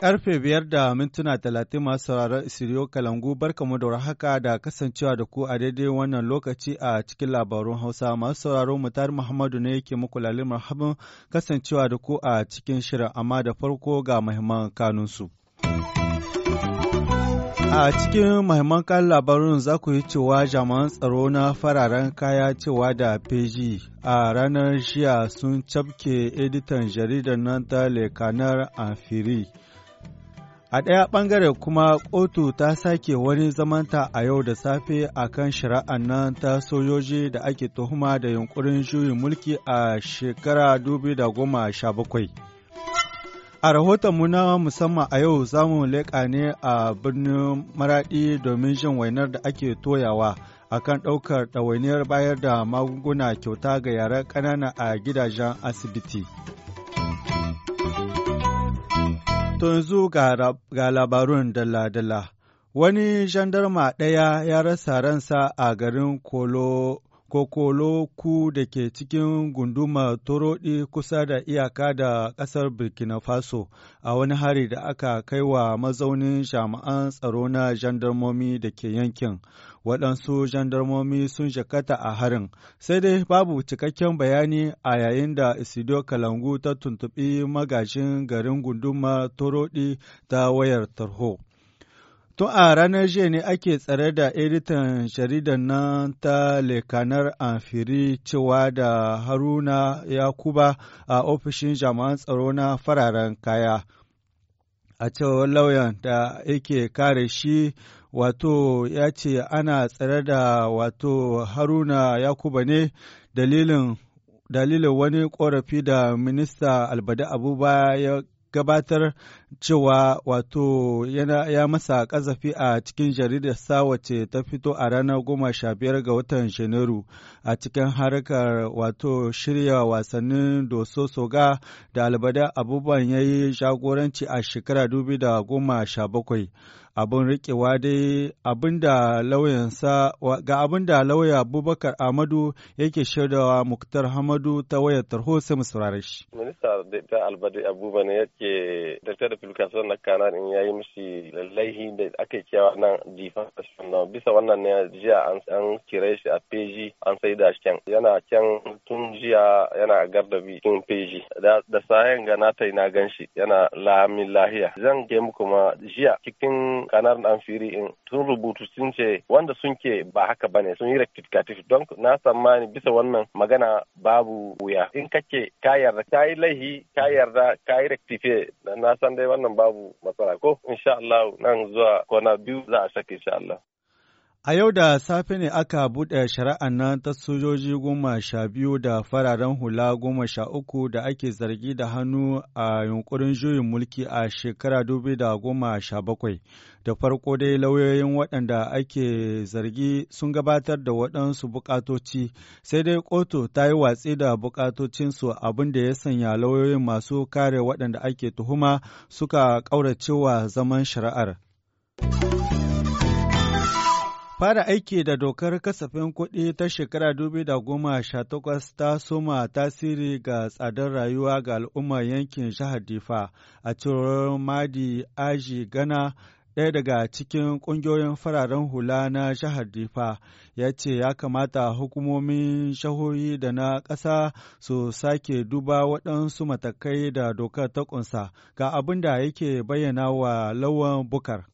Karfe biyar da mintuna talatin masu sauraron Isiriyo Kalangu barkamu da haka da kasancewa da ku a daidai wannan lokaci a cikin labarun Hausa masu sauraron mutar Muhammadu ne yake muku lalim rahamun kasancewa da ku a cikin shirin amma da farko ga muhimman kanunsu. A cikin mahimman kan labarun za ku yi cewa jaman tsaro na fararen kaya cewa da feji a ranar jiya sun cafke editan jaridar nan ta lekanar amfiri. A ɗaya ɓangare kuma kotu ta sake wani zamanta a yau da safe a kan shari'an nan ta sojoji da ake tuhuma da yunkurin juyin mulki a shekara 2017. A rahoton muna musamman a yau za mu leƙa ne a birnin Maraɗi domin jin wainar da ake toyawa kan ɗaukar ɗawainiyar bayar da magunguna kyauta ga yaren ƙanana a gidajen asibiti. To yanzu ga labarun dala-dala, Wani jandarma ɗaya ya rasa ransa a garin Kolo Kokolo ku da ke cikin gunduma Torodi kusa da iyaka da ƙasar Burkina Faso a wani hari da aka kai wa mazaunin jami'an tsaro na jandarmomi da ke yankin. Waɗansu jandarmomi sun jakata a harin, sai dai babu cikakken bayani a yayin da Isidio Kalangu ta tuntuɓi magajin garin gunduma Torodi ta wayar tarho. Tun a ranar jiya ne ake tsare da editan jaridar nan ta lekanar amfiri cewa da Haruna Yakuba a ofishin jami'an tsaro na fararen kaya. A cewar lauyan da yake kare shi wato ya ce ana tsare da wato Haruna Yakuba ne dalilin dalilin wani ƙorafi da minista albada abuba ya gabatar cewa wato yana ya masa kazafi a cikin jaridar sa wace ta fito a ranar goma sha biyar ga watan janairu a cikin harkar wato shirya wasannin doso soga da albada abubuwan ya yi jagoranci a shekara dubi da goma sha bakwai abin rikewa dai ga abin da lauya abubakar amadu yake shaidawa muktar hamadu ta wayar tarho sai mu ne yake da application na kanar in yayi mishi lallahi da ake cewa nan na bisa wannan ne jiya an kire shi a peji an sai da shi yana can tun jiya yana a gardabi tun peji da sayan ga na tai na gan shi yana lamin lahiya zan ga kuma ma jiya cikin kanar an firi in tun rubutu sun ce wanda sun ke ba haka bane sun yi rectificative don na tsammani bisa wannan magana babu wuya in kake ka yarda ka yi laihi ka yarda ka yi na san dai wannan babu matsala ko insha Allah nan zuwa kwana biyu za a sake insha Allah. A yau da safe ne aka buɗe shari'an nan ta sojoji goma sha biyu da fararen hula goma sha uku da ake zargi da hannu a yunkurin juyin mulki a shekara dubu da goma sha bakwai. Da farko dai lauyoyin waɗanda ake zargi sun gabatar da waɗansu buƙatoci, sai dai kotu ta yi watsi da bukatocinsu abin da ya sanya lauyoyin masu kare waɗanda ake tuhuma suka ƙauracewa zaman shari'ar. Fara aiki da dokar kasafin kuɗi ta shekara takwas ta soma tasiri ga tsadar rayuwa ga al'ummar yankin jihar Difa a cewar Madi Aji Gana ɗaya daga cikin ƙungiyoyin fararen hula na jihar Difa ya ce ya kamata hukumomin shahohi da na ƙasa su sake duba waɗansu matakai da dokar ta ƙunsa ga abin da yake bayyana wa lawan bukar.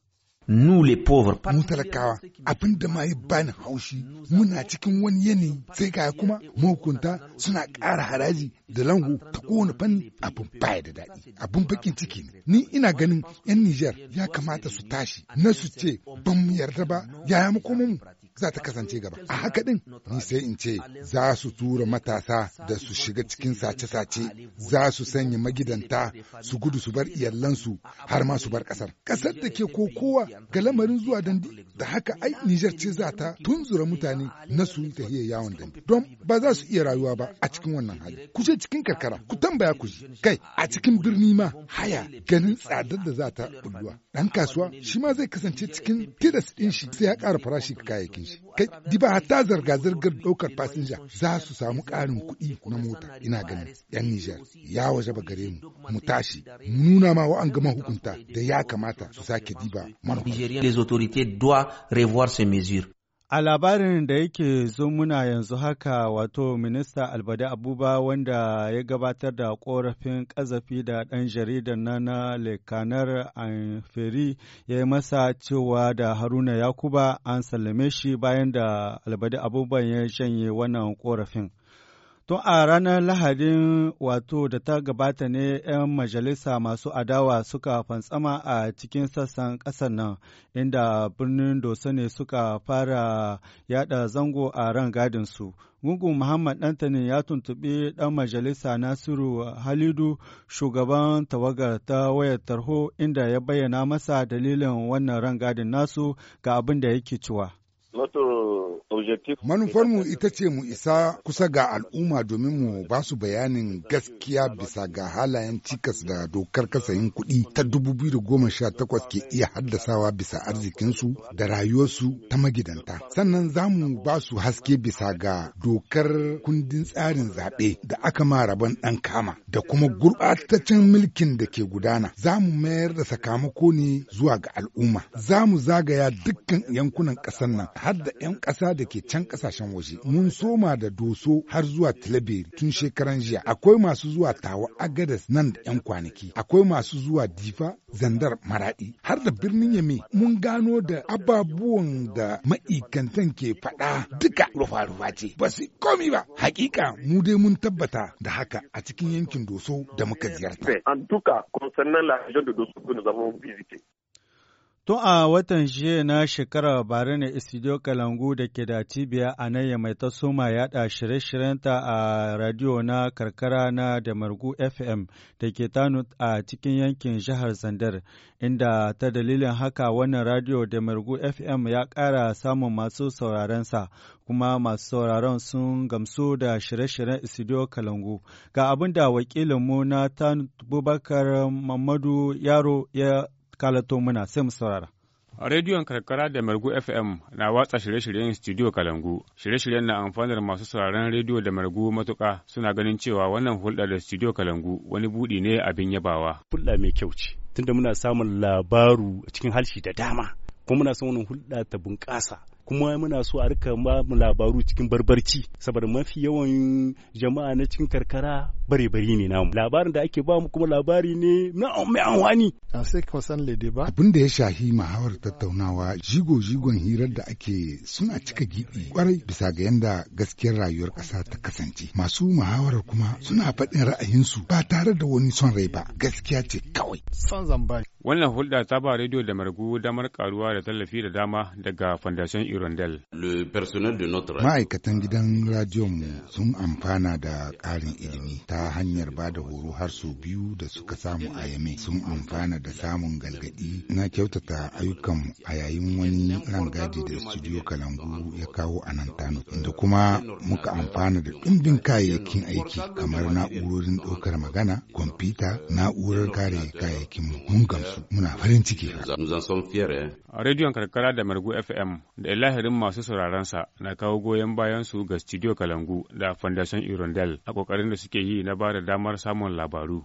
nous les pauvres. Mu talakawa abin da ma bani haushi muna cikin wani yanayi sai ga kuma mahukunta suna ƙara haraji da lango ta kowane fanni abin baya da daɗi abin bakin ciki ne ni ina ganin 'yan Nijar ya kamata su tashi na su ce ban mu yarda ba yaya mu za ta kasance gaba a haka din ni sai in ce za su tura matasa da su shiga cikin sace-sace za su sanya magidanta su gudu su bar iyalansu har ma su bar kasar kasar da ke kokowa ga lamarin zuwa dandi da haka ai Nijar ce za ta tunzura mutane na su yi yawon dandi don ba za su iya rayuwa ba a cikin wannan hali ku je cikin karkara ku tambaya ku ji kai a cikin birni ma haya ganin tsadar da za ta ɗan dan kasuwa shi ma zai kasance cikin tilas din shi sai ya ƙara farashi kayayyakin shi kai ba hatta zarga zargar ɗaukar fasinja za su samu ƙarin kuɗi na mota ina ganin yan Nijar ya waje ba gare mu mu tashi mu nuna ma wa'an gama hukunta da ya kamata su sake diba manufa. Les autorités A labarin da yake zo muna yanzu haka wato minista albada abuba wanda ya gabatar da korafin ƙazafi da ɗan jaridar na na lekanar anferi ya yi masa cewa da haruna yakuba an sallame shi bayan da albada Abubuwan ya janye wannan korafin. Tun a ranar Lahadin wato da ta gabata ne 'yan majalisa masu adawa suka fantsama a cikin sassan ƙasar nan, inda birnin Dosane suka fara yada zango a ran gadinsu. Gungun Muhammad dantani ya tuntuɓi ɗan majalisa Nasiru Halidu shugaban tawagar ta wayar tarho inda ya bayyana masa dalilin wannan rangadin nasu ga abin da yake cewa. Manufarmu ita ce mu isa kusa ga al'umma domin mu ba su bayanin gaskiya bisa ga halayen cikas da dokar kasayin kuɗi ta 2018 ke iya haddasawa bisa arzikinsu da rayuwarsu ta magidanta. Sannan za mu ba su haske bisa ga dokar kundin tsarin zaɓe da aka ma rabon ɗan kama da kuma gurɓataccen mulkin da ke gudana. Za mu mayar da sakamako ne zuwa ga al'umma. Za mu zagaya dukkan yankunan ƙasar nan har da 'yan ƙasa da ke can kasashen waje. Mun soma da doso har zuwa Tilaberi tun shekaran jiya. Akwai masu zuwa Tawa Agadas nan da 'yan kwanaki. Akwai masu zuwa Difa, Zandar, Maradi. Har da birnin Yame mun gano da ababuwan da ma'ikantan ke faɗa duka rufa-rufa ce. Ba su komi ba. Hakika mu dai mun tabbata da haka a cikin yankin doso da muka ziyarta. En tout cas, Tun a watan jiya na shekarar bare ne istidiyo Kalangu da ke da cibiya a nan ya mai ta soma yada shirye-shiryenta a radiyo na karkara na Damargu FM da ke tanu a cikin yankin jihar Zandar, inda ta dalilin haka wannan radiyo Damargu FM ya ƙara samun masu sa kuma masu sauraron sun gamsu da shirye-shiryen istidiyo Kalangu. Ga abin da wakilinmu na Tanu Bubakar Mamadu Yaro ya kalato muna sai mu saurara. Rediyon karkara da Margu FM na watsa shirye-shiryen Studio Kalangu. Shirye-shiryen na amfanar masu sauraron rediyo da Margu matuka suna ganin cewa wannan hulɗa da Studio Kalangu wani buɗi ne abin yabawa. Hulɗa mai kyau ce, tunda muna samun labaru cikin halshi da dama, kuma muna son wannan hulɗa ta bunƙasa. kuma muna so a rika mu labaru cikin barbarci saboda mafi yawan jama'a na cikin karkara bare-bare ne namu labarin da ake ba mu kuma labari ne na mai anwani a ah, sai ka san lede ba abin da ya shahi mahawar tattaunawa jigo-jigon hirar da ake suna cika gidi kwarai bisa ga yanda gaskiyar rayuwar ƙasa ta kasance masu muhawarar kuma suna faɗin ra'ayinsu ba tare da wani son rai ba gaskiya ce kawai son zambai Wannan hulɗa ta ba rediyo da margu damar karuwa da tallafi da dama daga Fondation Irondel. Ma'aikatan gidan radiyonmu sun amfana da ƙarin ilimi ta hanyar ba da horo har sau biyu da suka samu a yame sun amfana da samun galgadi na kyautata ayyukan a yayin wani rangadi da studio Kalangu ya kawo a nan Tano inda kuma muka amfana da ɗumbin kayayyakin aiki kamar na'urorin ɗaukar magana, kwamfuta, na'urar kare kayayyakin mun muna farin ciki. Eh. A rediyon karkara da Margu FM da lahirin masu sauraronsa na kawo goyon bayan su ga Studio Kalangu da Fondation Irondel a kokarin da suke yi na ba da damar samun labaru.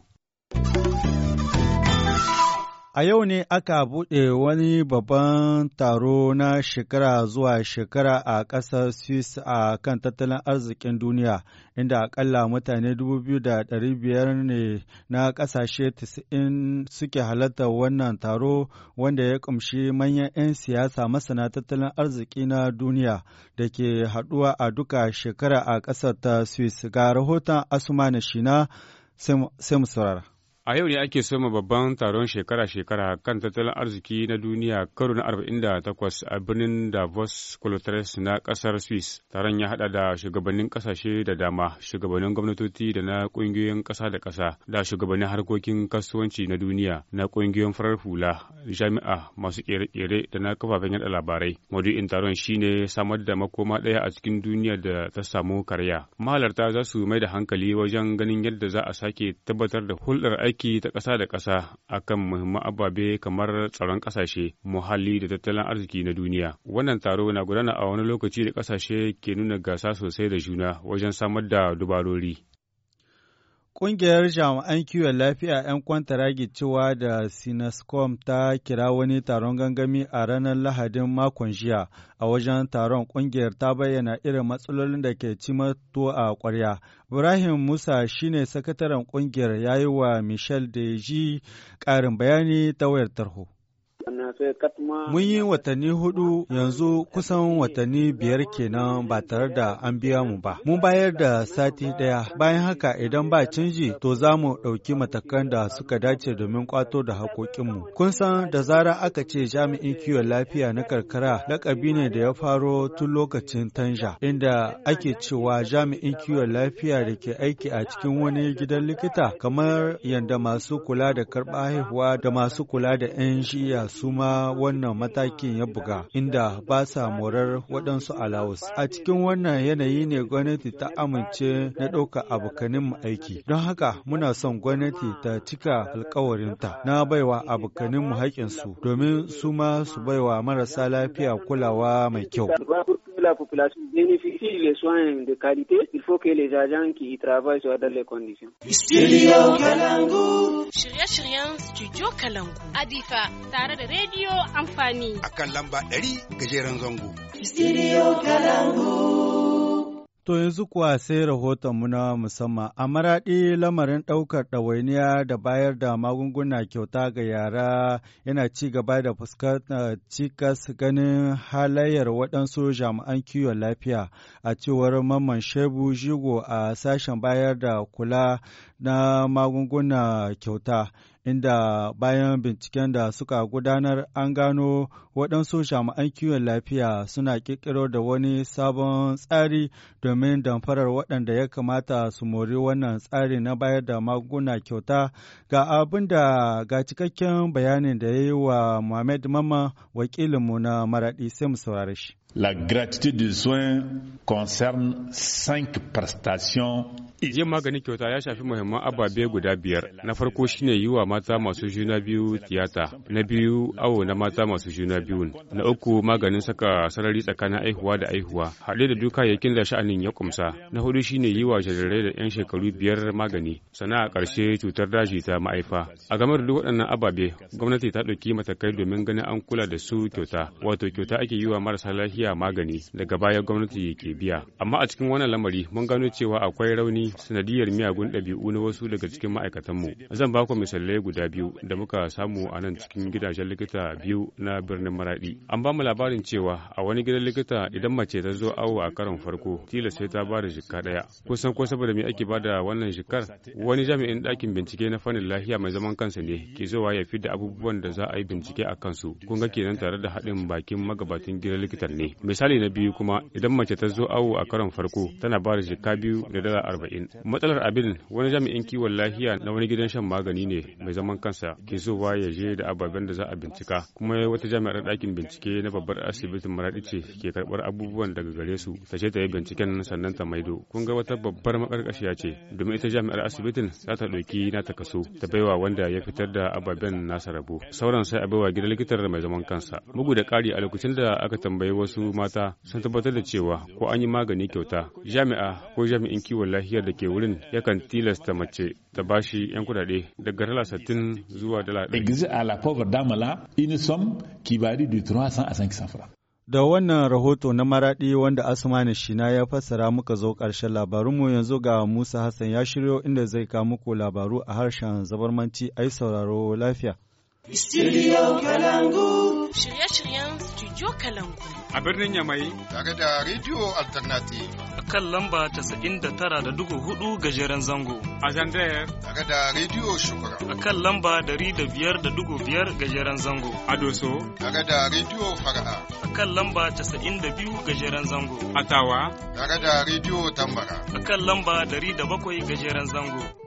A yau ne aka buɗe wani babban taro na shekara zuwa shekara a ƙasar Swiss a kan tattalin arzikin duniya, inda akalla mutane 2,500 ne na ƙasashe 90 suke halartar wannan taro wanda ya ƙumshi manyan 'yan siyasa masana tattalin arziki na duniya da ke haɗuwa a duka shekara a ƙasar ta Swiss. Ga rahoton Asuma Shina, sai A yau ne ake soma babban taron shekara-shekara kan tattalin arziki na duniya karo na 48 a birnin Davos Colotres na kasar Swiss. Taron ya hada da shugabannin kasashe da dama, shugabannin gwamnatoci da na kungiyoyin kasa da kasa, da shugabannin harkokin kasuwanci na duniya na kungiyoyin farar hula, jami'a masu kere-kere da na kafafen yada labarai. Maudu'in taron shine samar da makoma daya a cikin duniya da ta samu karya. Mahalarta za su mai da hankali wajen ganin yadda za a sake tabbatar da hulɗar aiki aiki ta ƙasa da ƙasa kan muhimman ababe kamar tsaron ƙasashe, muhalli da tattalin arziki na duniya. Wannan taro na gudana a wani lokaci da ƙasashe ke nuna gasa sosai da juna wajen samar da dubarori. Ƙungiyar jami'an kiwon lafiya 'yan kwantaragi cewa da Sinascom ta kira wani taron gangami a ranar Lahadin makon jiya. A wajen taron ƙungiyar ta bayyana irin matsalolin da ke ci a ƙwarya. Ibrahim Musa shine sakataren ƙungiyar ya yi wa Michel Deji ƙarin bayani ta wayar tarho. Mun yi watanni hudu yanzu kusan watanni biyar kenan ba tare da an biya mu ba. Mun bayar da sati ɗaya bayan haka idan ba canji to za mu ɗauki matakan da suka dace domin kwato da haƙoƙinmu. Kun san da zara aka ce jami'in kiwon lafiya na karkara lakabi ne da ya faro tun lokacin tanja inda ake cewa jami'in kiwon lafiya da ke aiki a cikin wani gidan likita kamar yadda masu kula da karɓa haihuwa da masu kula da 'yan su ma wannan matakin ya buga inda ba sa morar waɗansu alawus. A cikin wannan yanayi ne gwamnati ta amince na ɗauka abokanin mu aiki. Don haka muna son gwamnati ta cika alkawarinta na baiwa abokanin mu haƙƙinsu domin su ma su baiwa marasa lafiya kulawa mai kyau. la population bénéficie des soins de qualité, il faut que les agents qui y travaillent soient dans les conditions. Studio Kalangu. Shirye-shiryen Studio Kalangu. Adifa tare da Radio Amfani. Akan lamba 100 gajeren Zangu Studio Kalangu. To yanzu kuwa sai rahotonmu na musamman a maraɗi lamarin ɗaukar ɗawainiya da bayar da magunguna kyauta ga yara yana ci gaba da fuskantar cikas ganin halayyar waɗansu jami'an kiwon lafiya a cewar mamman shebu jigo a sashen bayar da kula na magunguna kyauta. inda bayan binciken da suka gudanar an gano waɗansu shama'an kiwon lafiya suna ƙirƙiro da wani sabon tsari domin damfarar waɗanda ya kamata su mori wannan tsari na bayar da magunguna kyauta ga abin da ga cikakken bayanin da ya yi wa Muhammad Mamma wakilinmu na Maraɗi sai mu saurari shi. La gratitude du soin concerne cinq prestations Jiyan maganin kyauta ya shafi muhimman ababe guda biyar. Na farko shine yi wa mata masu juna biyu tiyata. Na biyu awo na mata masu juna biyu. Na uku maganin saka sarari tsakanin aihuwa da aihuwa. Haɗe da duka yakin da sha'anin ya kumsa. Na hudu shine yi wa jarirai da 'yan shekaru biyar magani. Sana a ƙarshe cutar daji ta ma'aifa. A game da duk waɗannan ababe, gwamnati ta ɗauki matakai domin ganin an kula da su kyauta. Wato kyauta ake yi wa marasa lafiya magani daga baya gwamnati ke biya. Amma a cikin wannan lamari mun gano cewa akwai rauni sanadiyar miyagun ɗabi'u na wasu daga cikin ma'aikatanmu. Zan ba ku misalai guda biyu da muka samu a nan cikin gidajen likita biyu na birnin Maradi. An ba mu labarin cewa a wani gidan likita idan mace ta zo awo a karon farko tilas sai ta ba da jikka ɗaya. Kusan ko saboda me ake ba da wannan jikar? Wani jami'in ɗakin bincike na fannin lafiya mai zaman kansa ne ke zowa ya fi da abubuwan da za a yi bincike a kansu. Kun ga kenan tare da haɗin bakin magabatin gidan likitan ne. Misali na biyu kuma idan mace ta zo awo a karon farko tana ba da jikka biyu da dala arba'in matsalar abin wani jami'in kiwon lafiya na wani gidan shan magani ne mai zaman kansa ke zuwa ya je da ababen da za a bincika kuma wata jami'ar ɗakin bincike na babbar asibitin maraɗi ce ke karɓar abubuwan daga gare su ta ce ta yi binciken sannan ta maido kun ga wata babbar makarƙashiya ce domin ita jami'ar asibitin za ta ɗauki na ta kaso ta baiwa wanda ya fitar da ababen nasa rabo sauran sai a baiwa gidan likitar mai zaman kansa bugu da ƙari a lokacin da aka tambayi wasu mata sun tabbatar da cewa ko an yi magani kyauta jami'a ko jami'in kiwon lafiyar da ke wurin yakan tilasta mace ta bashi 'yan kudade daga dala sittin zuwa dala Exit à la pauvre dame là une somme qui varie de 300 à 500 francs. Da wannan rahoto na maraɗi wanda Asmani Shina ya fassara muka zo ƙarshen labarunmu yanzu ga Musa Hassan ya shiryo inda zai kawo muku labaru a harshen zabarmanci ai sauraro lafiya. Studio Kalangu. shirye-shiryen Studio Kalangu. A birnin Yamai. Tare da Radio Alternative. A kan lamba tara da dugu hudu gajeren zango. A Zandayar. Tare da Radio Shukura. A kan lamba dari da biyar da dugu biyar gajeren zango. A Doso. Tare da Radio Fara'a. A kan lamba 92 da biyu gajeren zango. A Tawa. Tare da Radio Tambara. A kan lamba dari da bakwai gajeren zango.